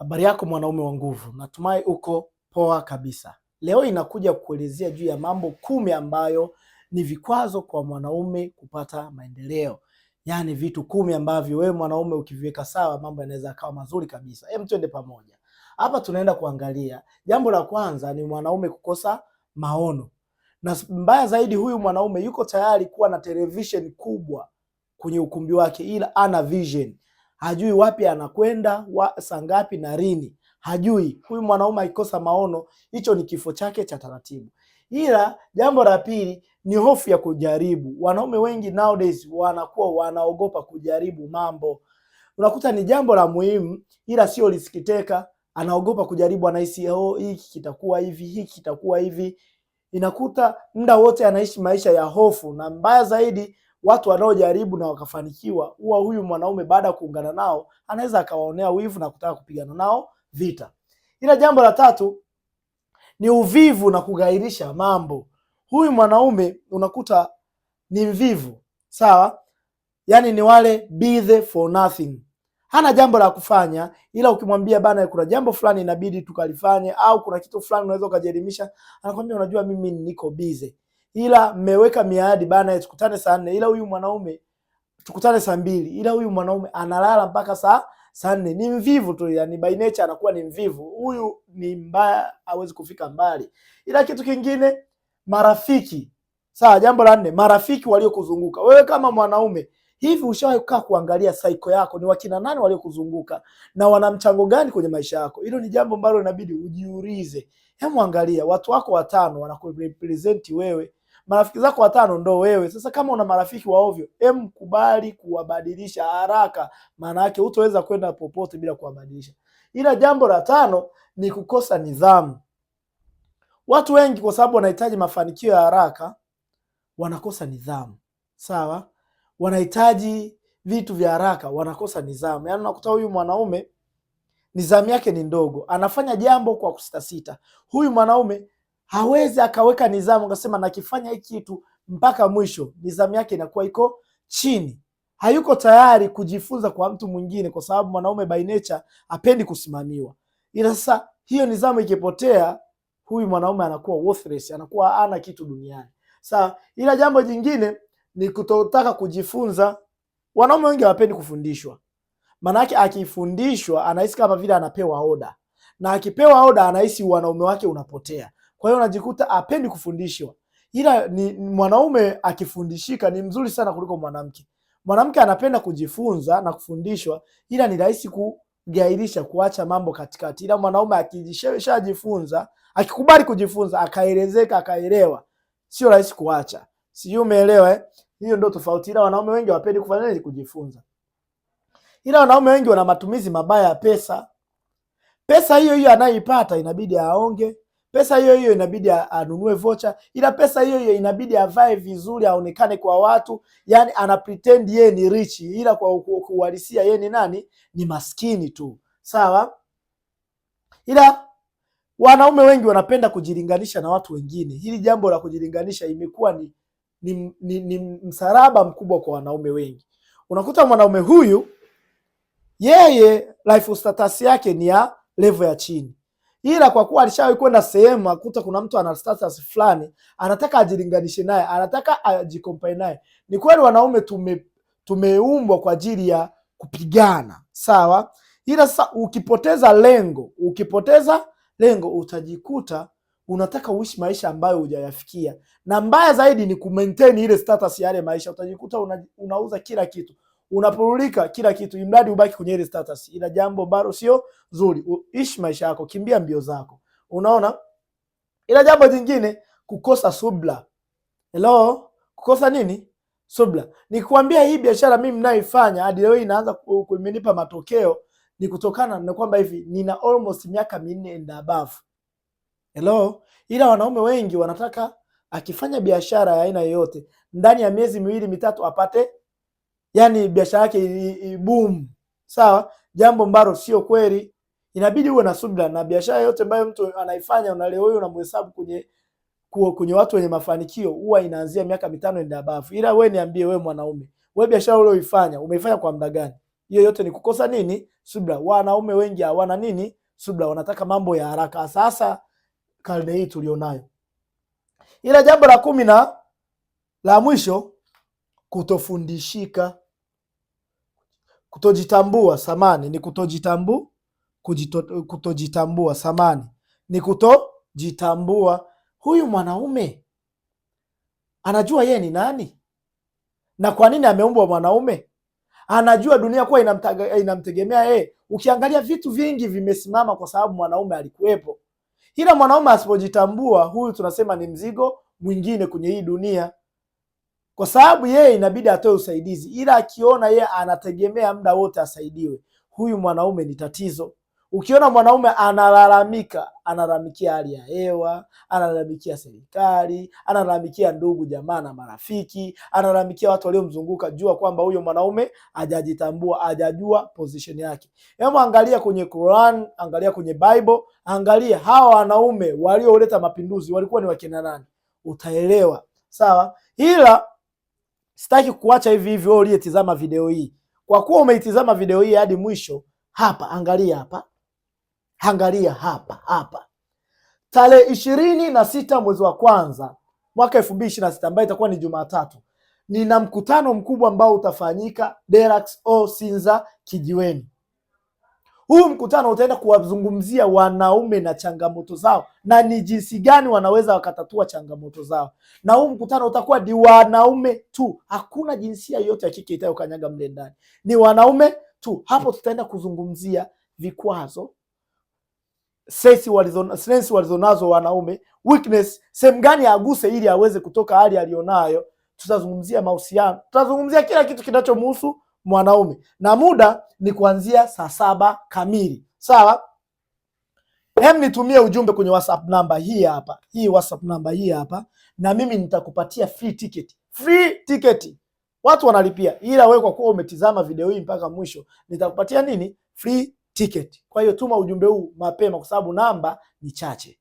Habari yako mwanaume wa nguvu, natumai uko poa kabisa. Leo inakuja kuelezea juu ya mambo kumi ambayo ni vikwazo kwa mwanaume kupata maendeleo, yaani vitu kumi ambavyo wewe mwanaume ukiviweka sawa, mambo yanaweza akawa mazuri kabisa. Hem, twende pamoja hapa. Tunaenda kuangalia jambo la kwanza, ni mwanaume kukosa maono, na mbaya zaidi, huyu mwanaume yuko tayari kuwa na televishen kubwa kwenye ukumbi wake, ila ana vision hajui wapi anakwenda wa, saa ngapi na lini, hajui. Huyu mwanaume akikosa maono, hicho ni kifo chake cha taratibu. Ila jambo la pili ni hofu ya kujaribu. Wanaume wengi nowadays wanakuwa wanaogopa kujaribu mambo, unakuta ni jambo la muhimu, ila sio lisikiteka, anaogopa kujaribu, anahisi oh, hiki kitakuwa hivi, hiki kitakuwa hivi. Inakuta muda wote anaishi maisha ya hofu, na mbaya zaidi watu wanaojaribu na wakafanikiwa, huwa huyu mwanaume baada ya kuungana nao anaweza akawaonea wivu na kutaka kupigana nao vita. Ila jambo la tatu ni uvivu na kughairisha mambo. Huyu mwanaume unakuta ni mvivu, sawa, yaani ni wale the for nothing hana jambo la kufanya, ila ukimwambia bana, kuna jambo fulani inabidi tukalifanye, au kuna kitu fulani unaweza ukajielimisha, anakwambia unajua, mimi niko busy ila mmeweka miadi bana, tukutane saa nne, ila huyu mwanaume tukutane saa mbili, ila huyu mwanaume analala mpaka saa saa nne. Ni mvivu tu, yani by nature anakuwa ni mvivu. Huyu ni mbaya, hawezi kufika mbali. Ila kitu kingine, marafiki. Sawa, jambo la nne, marafiki waliokuzunguka wewe kama mwanaume Hivi ushawahi kukaa kuangalia saiko yako ni wakina nani waliokuzunguka na wana mchango gani kwenye maisha yako? Hilo ni jambo ambalo inabidi ujiulize. Hebu angalia watu wako watano wanakurepresent wewe marafiki zako watano ndo wewe. Sasa kama una marafiki wa ovyo, em, kubali kuwabadilisha haraka, maana yake hutoweza kwenda popote bila kuwabadilisha. Ila jambo la tano ni kukosa nidhamu. Watu wengi kwa sababu wanahitaji mafanikio ya haraka wanakosa nidhamu, sawa. Wanahitaji vitu vya haraka wanakosa nidhamu. Yaani unakuta huyu mwanaume nidhamu yake ni ndogo, anafanya jambo kwa kusitasita. Huyu mwanaume hawezi akaweka nidhamu akasema nakifanya hiki kitu mpaka mwisho. Nidhamu yake inakuwa iko chini, hayuko tayari kujifunza kwa mtu mwingine, kwa sababu mwanaume by nature hapendi kusimamiwa. Ila sasa hiyo nidhamu ikipotea, huyu mwanaume anakuwa worthless, anakuwa ana kitu duniani. Sasa Ila jambo jingine ni kutotaka kujifunza. Wanaume wengi hawapendi kufundishwa, maanake akifundishwa anahisi kama vile anapewa oda, na akipewa oda anahisi wanaume wake unapotea. Kwa hiyo unajikuta apendi kufundishwa, ila ni mwanaume akifundishika ni mzuri sana kuliko mwanamke. Mwanamke anapenda kujifunza na kufundishwa, ila ni rahisi kugairisha, kuacha mambo katikati, ila mwanaume akishajifunza, akikubali kujifunza, akaelezeka, akaelewa, sio rahisi kuacha. Sijui umeelewa eh? Hiyo ndio tofauti, ila wanaume wengi wapendi kufanya nini? Kujifunza. Ila wanaume wengi wana matumizi mabaya ya pesa. Pesa hiyo hiyo anayoipata inabidi aonge, pesa hiyo hiyo inabidi anunue vocha, ila pesa hiyo hiyo inabidi avae vizuri, aonekane kwa watu, yani ana pretend yeye ni rich, ila kwa kuuhalisia yeye ni nani? Ni maskini tu, sawa. Ila wanaume wengi wanapenda kujilinganisha na watu wengine. Hili jambo la kujilinganisha imekuwa ni, ni, ni, ni msalaba mkubwa kwa wanaume wengi. Unakuta mwanaume huyu yeye life status yake ni ya level ya chini ila kwa kuwa alishawahi kwenda sehemu akuta kuna mtu ana status fulani, anataka ajilinganishe naye, anataka ajikompare naye. Ni kweli wanaume tume, tumeumbwa kwa ajili ya kupigana, sawa. Ila sasa ukipoteza lengo, ukipoteza lengo utajikuta unataka uishi maisha ambayo hujayafikia, na mbaya zaidi ni kumaintain ile status ya yale maisha. Utajikuta una, unauza kila kitu unapurulika kila kitu, imradi ubaki kwenye ile status, ila jambo ambalo sio zuri. Ishi maisha yako, kimbia mbio zako, unaona. Ila jambo jingine, kukosa subla. Hello, kukosa nini? Subla. Nikwambia hii biashara mimi mnayoifanya hadi leo inaanza kumenipa matokeo ni kutokana na kwamba hivi nina almost miaka minne and above. Hello, ila wanaume wengi wanataka akifanya biashara ya aina yoyote ndani ya miezi miwili mitatu apate yani biashara yake iboom, sawa, jambo ambalo sio kweli. Inabidi uwe na subira na biashara yote ambayo mtu anaifanya, na leo hiyo unamhesabu kwenye kwenye watu wenye mafanikio huwa inaanzia miaka mitano ndio abafu. Ila wewe niambie, wewe mwanaume, wewe biashara uliyoifanya umeifanya kwa muda gani? Hiyo yote ni kukosa nini? Subira. Wanaume wengi hawana nini? Subira, wanataka mambo ya haraka. Sasa karne hii tulionayo. Ila jambo la kumi na la mwisho, kutofundishika kutojitambua samani ni kutojitambu, kujito, kutojitambua samani ni kutojitambua. Huyu mwanaume anajua yeye ni nani na kwa nini ameumbwa mwanaume. Anajua dunia kuwa inamtegemea yeye. Ukiangalia vitu vingi vimesimama kwa sababu mwanaume alikuwepo, ila mwanaume asipojitambua, huyu tunasema ni mzigo mwingine kwenye hii dunia kwa sababu yeye inabidi atoe usaidizi, ila akiona yeye anategemea muda wote asaidiwe, huyu mwanaume ni tatizo. Ukiona mwanaume analalamika, analalamikia hali ya hewa, analalamikia serikali, analalamikia ndugu jamaa na marafiki, analalamikia watu waliomzunguka, jua kwamba huyo mwanaume hajajitambua, hajajua position yake. Hebu angalia kwenye Quran, angalia kwenye Bible, angalia hawa wanaume walioleta mapinduzi walikuwa ni wakina nani, utaelewa. Sawa, ila Sitaki kuacha hivi hivi wewe uliyetizama video hii. Kwa kuwa umeitizama video hii hadi mwisho, hapa angalia hapa. Angalia hapa hapa. Tarehe ishirini na sita mwezi wa kwanza mwaka elfu mbili ishirini na sita ambayo itakuwa ni Jumatatu, nina mkutano mkubwa ambao utafanyika Derax o Sinza Kijiweni. Huu mkutano utaenda kuwazungumzia wanaume na changamoto zao na ni jinsi gani wanaweza wakatatua changamoto zao, na huu mkutano utakuwa ni wanaume tu, hakuna jinsia yoyote ya kike itayokanyaga mle ndani, ni wanaume tu. Hapo tutaenda kuzungumzia vikwazo sensi walizonazo, walizo wanaume weakness, sehemu gani aguse ili aweze kutoka hali aliyonayo. Tutazungumzia mahusiano, tutazungumzia kila kitu kinachomhusu mwanaume, na muda ni kuanzia saa saba kamili. Sawa, hem, nitumie ujumbe kwenye WhatsApp namba hii hapa, hii WhatsApp namba hii hapa, na mimi nitakupatia free ticket. Free ticket watu wanalipia, ila wewe kwa kuwa umetizama video hii mpaka mwisho, nitakupatia nini? Free ticket. Kwa hiyo tuma ujumbe huu mapema, kwa sababu namba ni chache.